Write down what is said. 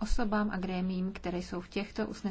osobám a grémím, které jsou v těchto usneseních